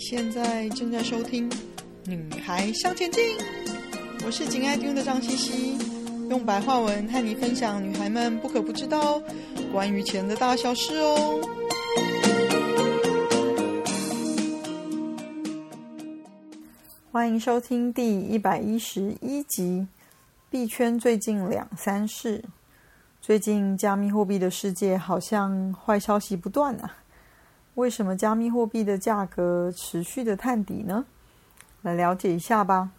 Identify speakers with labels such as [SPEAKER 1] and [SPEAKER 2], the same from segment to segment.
[SPEAKER 1] 現在正在收聽《女孩向前進》，我是錦愛聽的張茜茜，用白話文和你分享女孩們不可不知道關於錢的大小事哦。歡迎收聽第一百一十一集《幣圈最近兩三事》，最近加密貨幣的世界好像壞消息不斷啊。為什麼加密貨幣的價格持續的探底呢？來了解一下吧。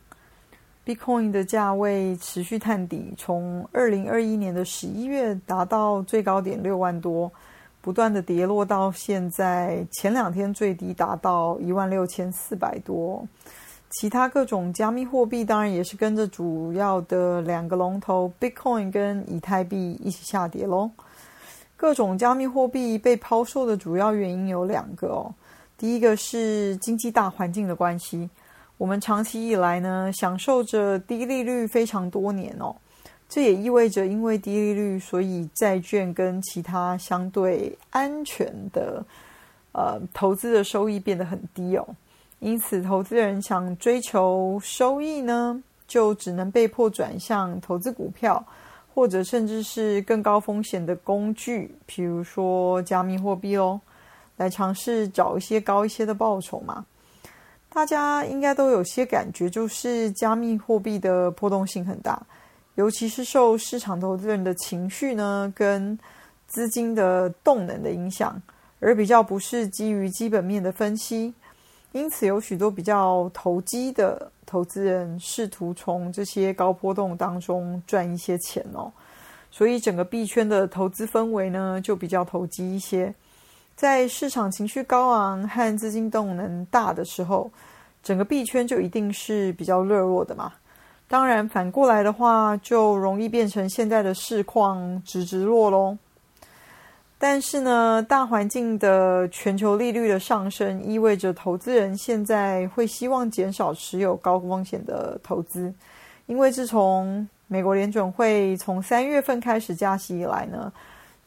[SPEAKER 1] Bitcoin 的價位持續探底，從二零二一年的十一月達到最高點六萬多，不斷的跌落到現在前兩天最低達到一萬六千四百多。其他各種加密貨幣當然也是跟着主要的兩個龍頭，Bitcoin 跟以太幣一起下跌嘍。各種加密貨幣被拋售的主要原因有兩個哦，第一個是經濟大環境的關係，我們長期以來呢享受着低利率非常多年哦，這也意味着因為低利率，所以債券跟其他相對安全的，呃，投資的收益變得很低哦，因此投資人想追求收益呢，就只能被迫轉向投資股票。或者甚至是更高風險的工具，譬如說加密貨幣嘍、哦，來嘗試找一些高一些的報酬嘛。大家應該都有些感覺，就是加密貨幣的波動性很大，尤其是受市場投資人的情緒呢跟資金的動能的影響，而比較不是基於基本面的分析。因此，有許多比較投機的投資人試圖從這些高波動當中賺一些錢哦。所以，整個幣圈的投資氛圍呢，就比較投機一些。在市場情緒高昂和資金動能大的時候，整個幣圈就一定是比較熱絡的嘛。當然，反過來的話，就容易變成現在的市況直直落咯。但是呢，大環境的全球利率的上升，意味着投資人現在會希望減少持有高風險的投資，因為自從美國聯準會從三月份開始加息以來呢，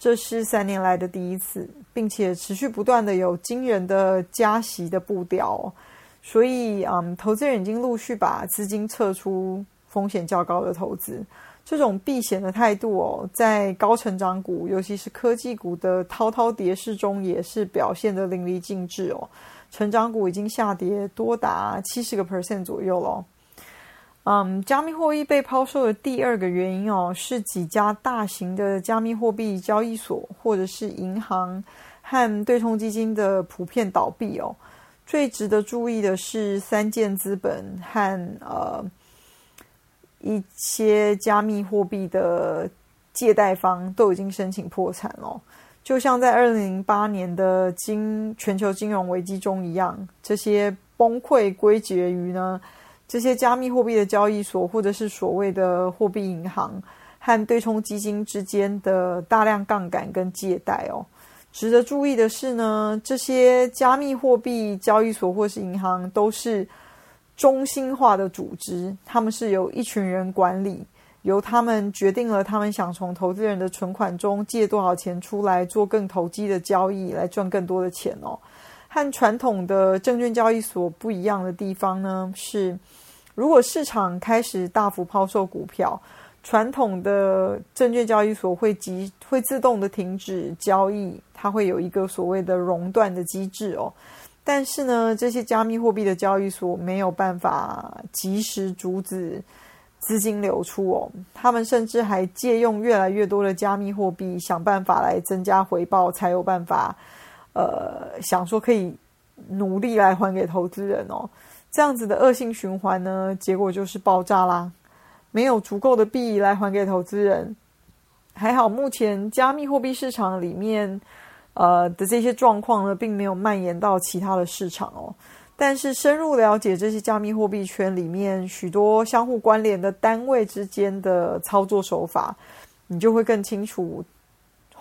[SPEAKER 1] 這是三年來的第一次，並且持續不斷的有驚人的加息的步調，所以啊，嗯，投資人已經陸續把資金撤出風險較高的投資。這種避險的態度哦，在高成長股，尤其是科技股的滔滔跌勢中，也是表現得淋漓盡致哦。成長股已經下跌多達七十個 percent 左右咯。嗯，加密貨幣被拋售的第二個原因哦，是幾家大型的加密貨幣交易所，或者是銀行和對沖基金的普遍倒閉哦。最值得注意的是三箭資本和呃。一些加密貨幣的借貸方都已經申請破產了，就像在二零零八年的金全球金融危機中一樣，這些崩潰歸結於呢，這些加密貨幣的交易所或者是所謂的貨幣銀行和對沖基金之間的大量槓桿跟借貸哦。值得注意的是呢，這些加密貨幣交易所或是銀行都是。中心化的組織，他們是由一群人管理，由他們決定了他們想從投資人的存款中借多少錢出來做更投機的交易，來賺更多的錢哦。和傳統的證券交易所不一樣的地方呢，是如果市場開始大幅拋售股票，傳統的證券交易所會即會自動的停止交易，它會有一個所謂的熔斷的機制哦。但是呢，這些加密貨幣的交易所沒有辦法及時阻止資金流出哦。他們甚至還借用越來越多的加密貨幣，想辦法來增加回報，才有辦法呃，想說可以努力來還給投資人哦。這樣子的惡性循環呢，結果就是爆炸啦，沒有足夠的幣來還給投資人。還好，目前加密貨幣市場裡面。呃，的這些狀況呢，並沒有蔓延到其他的市場哦。但是深入了解這些加密貨幣圈裡面許多相互關聯的單位之間的操作手法，你就會更清楚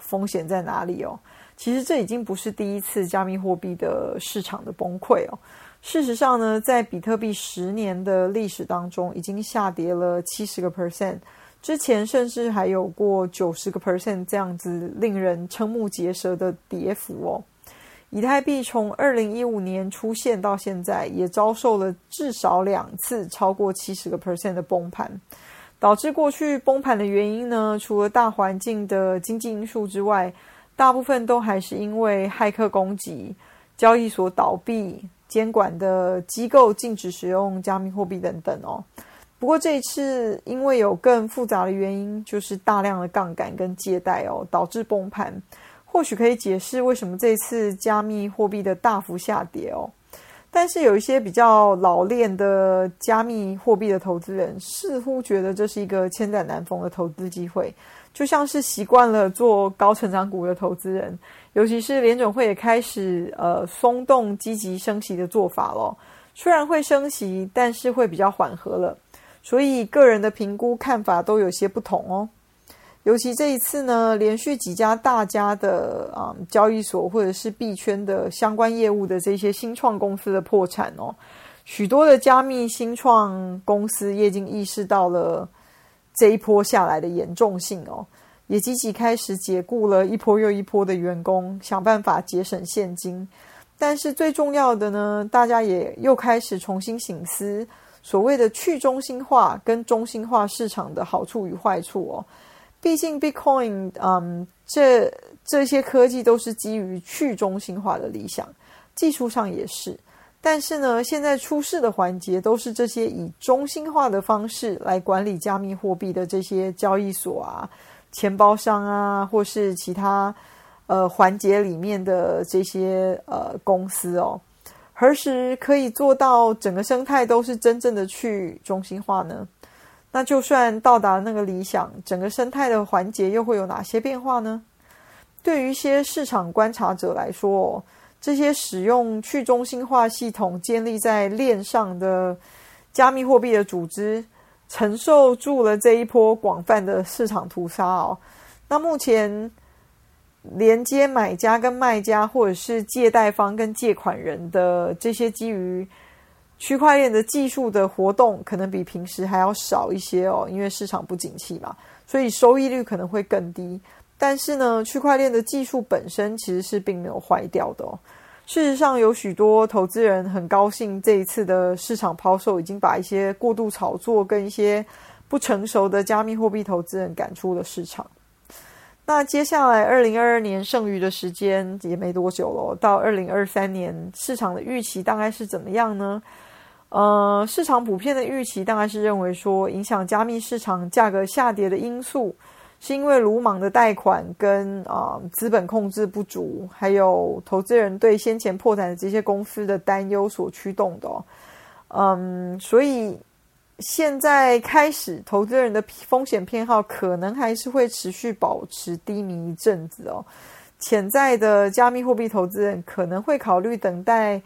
[SPEAKER 1] 風險在哪裡哦。其實這已經不是第一次加密貨幣的市場的崩潰哦。事實上呢，在比特幣十年的歷史當中，已經下跌了七十個 percent。之前甚至還有過九十個 percent 這樣子令人瞠目結舌的跌幅哦。以太幣從二零一五年出現到現在，也遭受了至少兩次超過七十個 percent 的崩盤。導致過去崩盤的原因呢，除了大環境的經濟因素之外，大部分都還是因為駭客攻擊、交易所倒閉、監管的機構禁止使用加密貨幣等等哦。不過這一次，因為有更複雜的原因，就是大量的槓桿跟借貸哦，導致崩盤，或許可以解釋為什麼這次加密貨幣的大幅下跌哦。但是有一些比較老練的加密貨幣的投資人，似乎覺得這是一個千載難逢的投資機會，就像是習慣了做高成長股的投資人，尤其是聯準會也開始呃鬆動積極升息的做法咯。雖然會升息，但是會比較緩和了。所以個人的評估看法都有些不同哦，尤其這一次呢，連續幾家大家的啊、嗯、交易所或者是幣圈的相關業務的這些新創公司的破產哦，許多的加密新創公司也已經意識到了這一波下來的嚴重性哦，也積極開始解雇了一波又一波的員工，想辦法節省現金。但是最重要的呢，大家也又開始重新省思。所謂的去中心化跟中心化市場的好處與壞處哦，畢竟 Bitcoin，嗯，這這些科技都是基於去中心化的理想，技術上也是。但是呢，現在出事的環節都是這些以中心化的方式來管理加密貨幣的這些交易所啊、錢包商啊，或是其他呃環節裡面的這些呃公司哦。何時可以做到整個生態都是真正的去中心化呢？那就算到達那個理想，整個生態的環節又會有哪些變化呢？對於一些市場觀察者來說，這些使用去中心化系統建立在鏈上的加密貨幣的組織，承受住了這一波廣泛的市場屠殺哦。那目前。連接買家跟賣家，或者是借貸方跟借款人的這些基於區塊鏈的技術的活動，可能比平時還要少一些哦，因為市場不景氣嘛，所以收益率可能會更低。但是呢，區塊鏈的技術本身其實是並沒有壞掉的哦。事實上，有許多投資人很高興，這一次的市場拋售已經把一些過度炒作跟一些不成熟的加密貨幣投資人趕出了市場。那接下來，二零二二年剩餘的時間也沒多久了。到二零二三年，市場的預期大概是怎麼樣呢？呃，市場普遍的預期大概是認為說，影響加密市場價格下跌的因素，是因為魯莽的貸款跟啊、呃、資本控制不足，還有投資人對先前破產的這些公司的擔憂所驅動的、哦。嗯、呃，所以。現在開始，投資人的風險偏好可能還是會持續保持低迷一陣子哦。潛在的加密貨幣投資人可能會考慮等待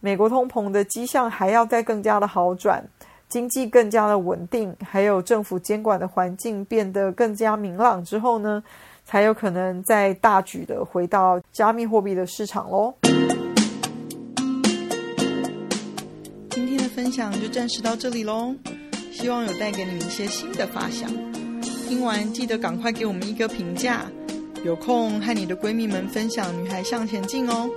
[SPEAKER 1] 美國通膨的跡象還要再更加的好轉，經濟更加的穩定，還有政府監管的環境變得更加明朗之後呢，才有可能再大舉的回到加密貨幣的市場咯。分享就暫時到這裡嘍，希望有帶給你們一些新的發想。聽完記得趕快給我們一個評價，有空和你的閨蜜們分享《女孩向錢進》哦。